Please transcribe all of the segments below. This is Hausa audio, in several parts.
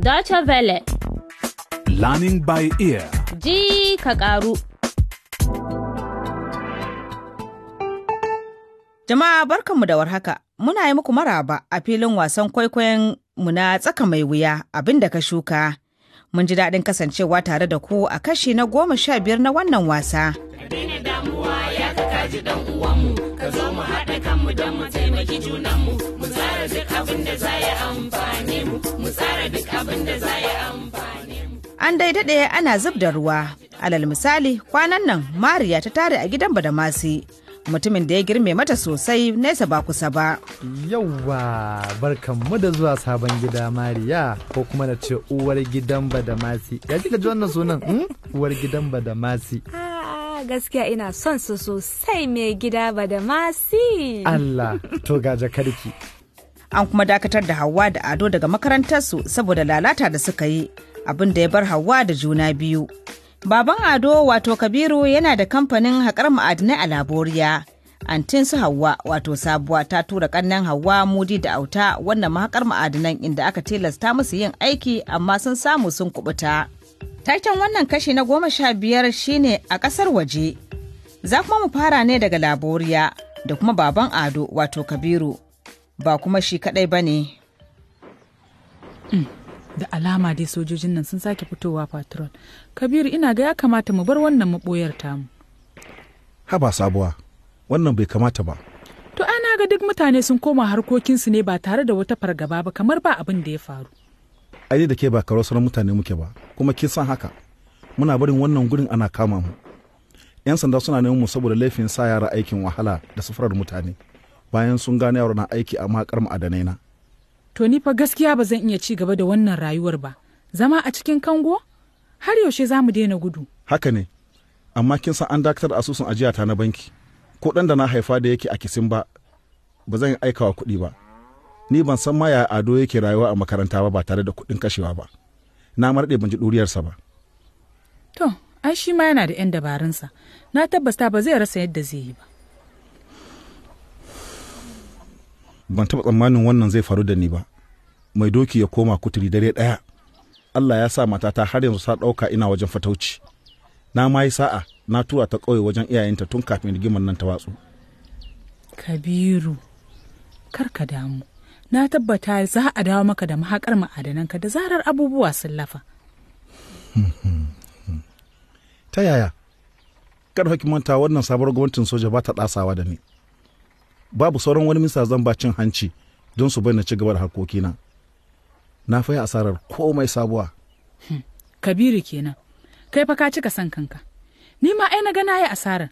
Dacha Vele. Learning by ear. Ji ka ƙaru. Jama'a barkanmu da warhaka, muna yi muku maraba a filin wasan kwaikwayon mu na tsaka mai wuya abin da ka shuka. Mun ji daɗin kasancewa tare da ku a kashi na goma sha biyar na wannan wasa. Ka daina damuwa ya ka kaji dan uwanmu, ka zo mu haɗa kanmu don mu taimaki junanmu, mu tsara duk abin da za ya amfani mu, mu tsara duk abin da za ya amfani mu. An daidaɗe ana zub da ruwa, alal misali kwanan nan Mariya ta tare a gidan Badamasi. mutumin da ya girme mata sosai nesa ba kusa ba. Yawwa barkanmu da zuwa sabon gida Mariya ko kuma na ce uwar gidan Badamasi. Ya ji ji wannan sunan hmm? uwar gidan Badamasi. gaskiya ina son su sosai mai gida ba da masi. Allah to ga jakarki. An kuma dakatar da Hauwa da Ado daga makarantarsu saboda lalata da suka yi abin da ya bar Hauwa da juna biyu. Baban Ado wato Kabiru yana da kamfanin haƙar ma'adinai a Laboriya. antin su Hauwa wato sabuwa ta tura ƙannen Hauwa mudi da auta wannan mahakar ma'adinan inda aka tilasta musu yin aiki amma sun samu sun kubuta. Taken wannan kashi na goma sha biyar shine a ƙasar waje. Za kuma mu fara ne daga laboriya da kuma baban ado wato kabiru ba kuma shi kaɗai ba ne. Mm, da alama dai sojojin nan sun sake fitowa patrol. Kabiru ina ga ya kamata mu bar wannan maɓoyar tamu. Haba sabuwa, wannan bai kamata ba. To ana ga duk mutane sun koma harkokinsu ne ba tare da wata fargaba ba kamar ba abin da ya faru. ai da ke ba karo sauran mutane muke ba kuma kin san haka muna barin wannan gurin ana kama mu yan sanda suna neman mu saboda laifin sa yara aikin wahala da safarar mutane bayan sun gane yaro na aiki a makar ma'adanai na to ni fa gaskiya ba zan iya ci gaba da wannan rayuwar ba zama a cikin kango har yaushe za mu daina gudu haka ne amma kin san an dakatar asusun ajiyata na banki ko dan da na haifa da yake a kisin ba ba zan yi aikawa kuɗi ba ni ban san ma ado yake rayuwa a makaranta ba ba tare da kuɗin kashewa ba na marɗe ban ji ɗuriyarsa ba to ai shi ma yana da 'yan dabarunsa na tabbasta ba zai rasa yadda zai yi ba ban taɓa tsammanin wannan zai faru da ni ba mai doki ya koma kuturi dare ɗaya allah ya sa matata har yanzu ta ɗauka ina wajen fatauci na ma yi sa'a na tura ta ƙauye wajen iyayenta tun kafin rigimar nan ta watsu kabiru kar ka damu na tabbata za a dawo maka da mahakar ma'adananka da zarar abubuwa sun lafa ta yaya karfa haƙi manta wannan sabuwar gwamnatin soja ba ta ɗasawa da ni babu sauran wani misa zan ba cin hanci don su bai na ci gaba da harkokina na fi asarar komai sabuwa hmm. kabiru kenan kai fa ka cika san kanka ni ma ai na ga nayi asarar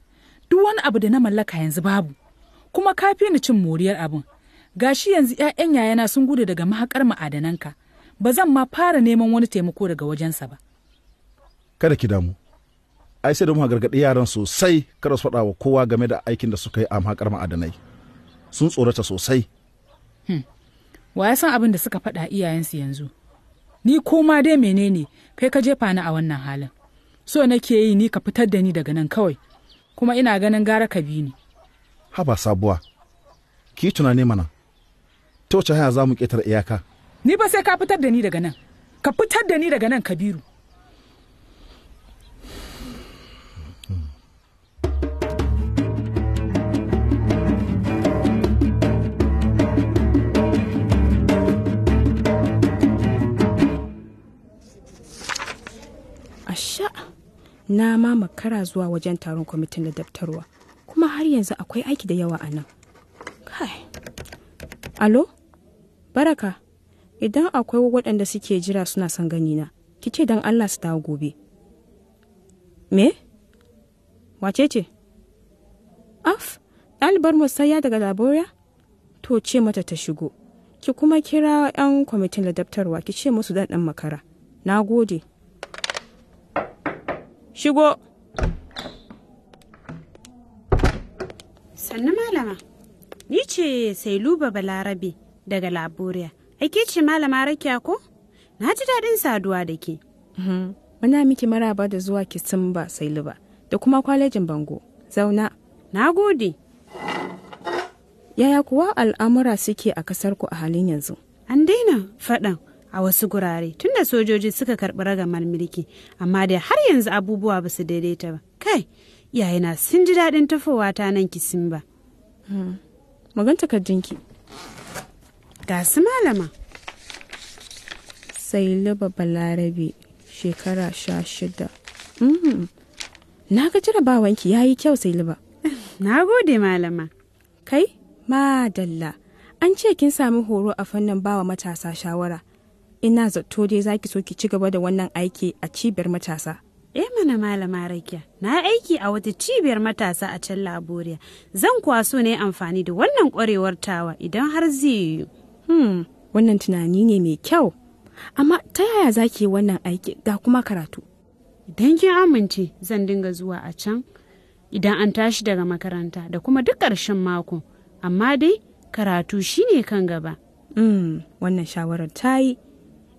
duk wani abu da na mallaka yanzu babu kuma ka fi ni cin moriyar abin gashi yanzu 'ya'yan yayana sun gudu daga mahakar ma'adananka ba zan ma fara neman wani taimako daga wajensa ba kada ki damu ai sai da mu gargaɗi yaran sosai kada su faɗa wa kowa game da aikin da suka yi a mahakar ma'adanai sun tsorata sosai hmm. wa ya san abin da suka faɗa iyayensu yanzu ni koma dai menene kai ka jefa ni a wannan halin so nake yi ni ka fitar da ni daga nan kawai kuma ina ganin gara ka bi ni haba sabuwa ki tunani mana ta wace hanya za mu iyaka ni ba sai ka fitar da ni daga nan ka fitar da ni daga nan kabiru Asha na ma makara zuwa wajen taron kwamitin da daftarwa kuma har yanzu akwai aiki da yawa a nan. Kai. Alo? baraka idan akwai waɗanda suke jira suna son ganina ki ce don allah su dawo gobe me wace ce af ɗalibar musayya daga laboriya to ce mata ta shigo ki kuma kira 'yan kwamitin ladabtarwa ki ce musu dan makara na gode shigo sannu malama ni ce sai luba balarabe daga Laboriya. Ake ce malama rakiya ko? Na ji daɗin saduwa da ke. Mhm. Muna miki maraba da zuwa Kisimba Sailuba da kuma kwalejin Bango. Zauna. Na gode. Yaya kuwa al'amura suke a ƙasarku a halin yanzu? An daina faɗan a wasu gurare tunda sojoji suka karɓi ragamar mulki amma dai har yanzu abubuwa ba su daidaita ba. Kai, iyayena sun ji daɗin tafowa ta nan Kisimba. Magan mhm. takardinki. ga su malama sai luba balarabe shekara sha shida mm. na ga jarabawanki ya yi kyau sai luba na gode malama kai madalla an ce kin sami horo a fannin bawa matasa shawara ina zato dai za ki so ki ci gaba da wannan aiki a cibiyar matasa e mana malama rakiya na aiki a wata cibiyar matasa a can laboriya zan kwaso ne amfani da wannan kwarewar tawa idan har zai yiwu hmm wannan tunani ne mai kyau amma ta yaya za ki yi wannan aiki ga kuma karatu idan kin amince zan dinga zuwa a can idan an tashi daga makaranta da kuma duk ƙarshen mako amma dai karatu shine kan gaba hmm wannan shawarar ta yi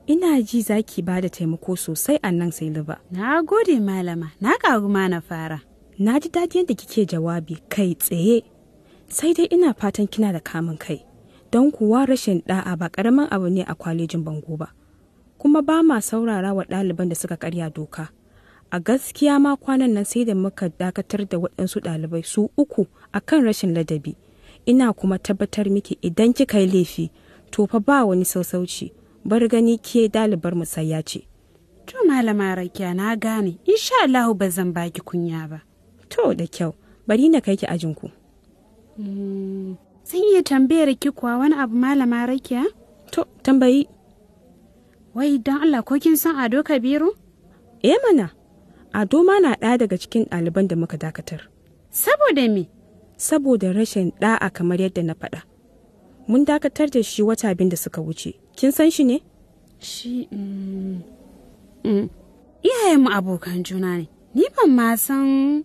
ina ji za ki ba da taimako sosai a nan sai liba. Na gode malama, na karu ma na fara. Na ji daɗi yadda kike jawabi kai tsaye, sai dai ina fatan kina da kamun kai. don kuwa rashin ɗa'a ba karamin abu ne a kwalejin bango ba kuma ba ma saurara wa ɗaliban da suka karya doka a gaskiya ma kwanan nan sai da muka dakatar da waɗansu ɗalibai su uku akan rashin ladabi ina kuma tabbatar miki idan kika yi laifi to fa ba wani sausauci bar gani ke ɗalibar ya ce to malama rakiya na gane insha Allah ba zan baki kunya ba to da kyau bari na kai ki ajinku mm. Zan iya tambayar ki kuwa wani abu malama rakiya? To, tambayi. Wai don Allah ko kin san Ado Kabiru? Eh mana, Ado ma na ɗaya daga cikin ɗaliban da muka dakatar. Saboda me? Saboda rashin ɗa'a kamar yadda na faɗa. Mun dakatar da shi wata abin da suka wuce. Kin san shi ne? Shi, mm, mm. iyayenmu abokan juna ne. Ni ban ma san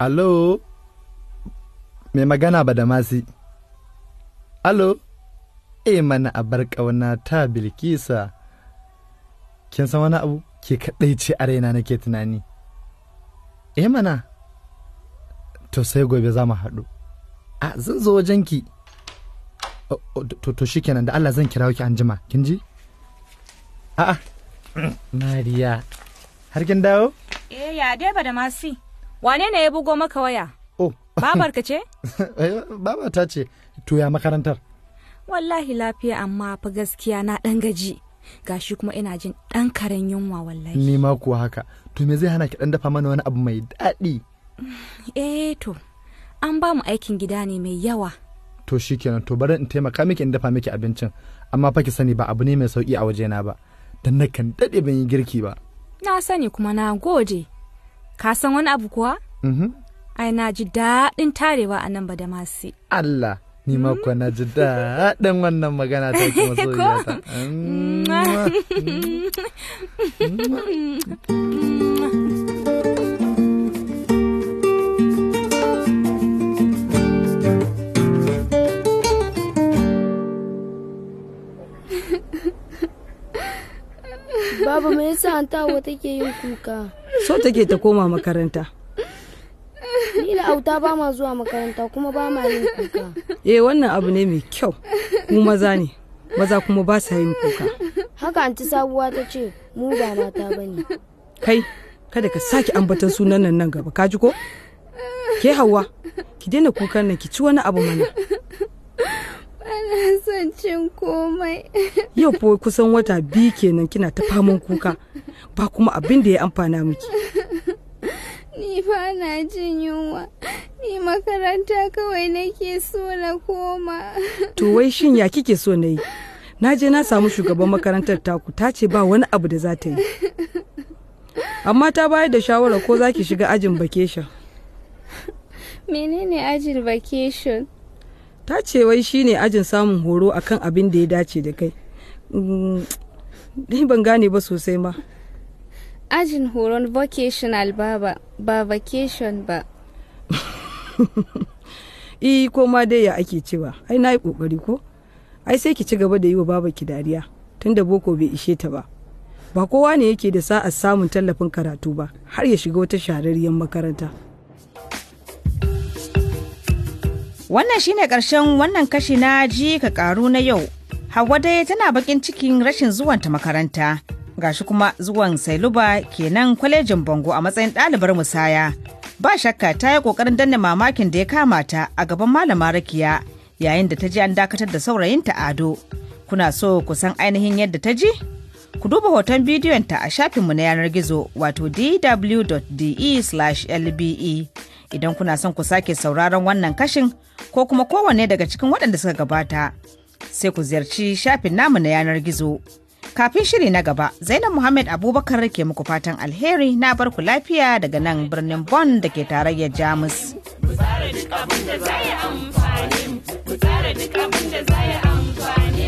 Alo, mai magana ba da masi. Alo, e mana a bar ƙauna ta Bilkisa. Kin san wani abu? Ke kaɗai ce a raina nake tunani. E mana, to sai gobe za mu haɗu. A zan zo wajenki. To, to shi kenan da Allah zan kira ki anjima, kin ji? A'a, Mariya, har kin dawo? Eh, ya dai ba da masi. wane ne ya bugo maka waya oh. babar ka ce eh, baba ta ce to makarantar wallahi lafiya amma fa gaskiya na dan gaji gashi kuma ina jin dan karen yunwa wallahi ni ma kuwa haka to me zai hana ki dan dafa mana wani abu mai daɗi eh to an ba mu aikin gida ne mai yawa to shikenan to bari in taimaka miki in dafa miki abincin amma fa ki sani ba abu ne mai sauki a waje na ba dan kan dade ban yi girki ba na sani kuma na gode Ka san wani abu kuwa? Mm-hmm. Ai, na ji daɗin tarewa a nan ba da Allah, ni mako na ji daɗin wannan magana ta kuma soyayyata. Baba me yasa an tawo take yin kuka? so take ta koma makaranta ni da auta ba ma zuwa makaranta kuma ba ma yin kuka eh wannan abu ne mai kyau mu maza ne maza kuma ba sa yin kuka haka anti sabuwa ta ce mu ba mata bane kai kada ka sake ambatan sunan nan nan gaba ka ji ko ke hawa ki daina kukan nan ki ci wani abu mana son cin komai yau fa kusan wata biyu kenan kina ta faman kuka ba kuma abin da ya amfana miki ni ba na jin yunwa ni makaranta kawai nake so na koma to wai shin ya kike so na yi na je na samu shugaban makarantar taku ta ce ba wani abu da za ta yi amma ta bayar da shawara ko za ki shiga ajin vacation menene ajin vacation ta ce wai shine ajin samun horo akan abin da ya dace da kai mm, ni ban gane ba sosai ma ajin horon vocational ba ba vacation ba i ko dai ya ake cewa ai na yi kokari ko ai sai ki ci gaba da yi wa baba ki dariya tunda boko bai ishe ta ba ba kowa ne yake da sa'a samun tallafin karatu ba har ya shiga wata shahararriyar makaranta Wannan shine ƙarshen wannan kashi na ji ka ƙaru na yau. Hauwa dai tana bakin cikin rashin zuwan ta makaranta. ga shi kuma zuwan Sailuba kenan kwalejin Bango a matsayin ɗalibar musaya. Ba shakka ta yi ƙoƙarin danne mamakin da ya kama ta a gaban malama Rakiya yayin da ta ji an dakatar da saurayinta Ado. Kuna so ku san ainihin yadda ta ji? Ku duba hoton bidiyonta a shafinmu na yanar gizo wato dw.de/lbe. Idan kuna son ku sake sauraron wannan kashin ko kuma kowanne daga cikin waɗanda suka gabata, sai ku ziyarci shafin namu na yanar gizo. Kafin shiri na gaba, Zainab Muhammad Abubakar ke muku fatan alheri na barku lafiya daga nan birnin Bonn da ke tarayyar Jamus. Ku tsara duk abin amfani, amfani.